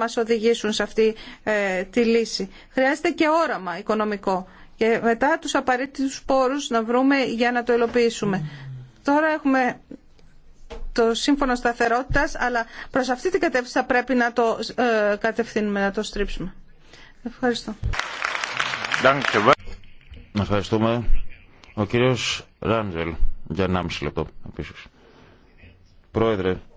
μας οδηγήσουν σε αυτή ε, τη λύση. Χρειάζεται και όραμα οικονομικό και μετά τους απαραίτητους πόρους να βρούμε για να το υλοποιήσουμε. Τώρα έχουμε το σύμφωνο σταθερότητας, αλλά προς αυτή την κατεύθυνση θα πρέπει να το ε, κατευθύνουμε, να το στρίψουμε. Ευχαριστώ. Ευχαριστούμε. Ο κύριος Ράντζελ, για 1,5 λεπτό επίσης. Πρόεδρε,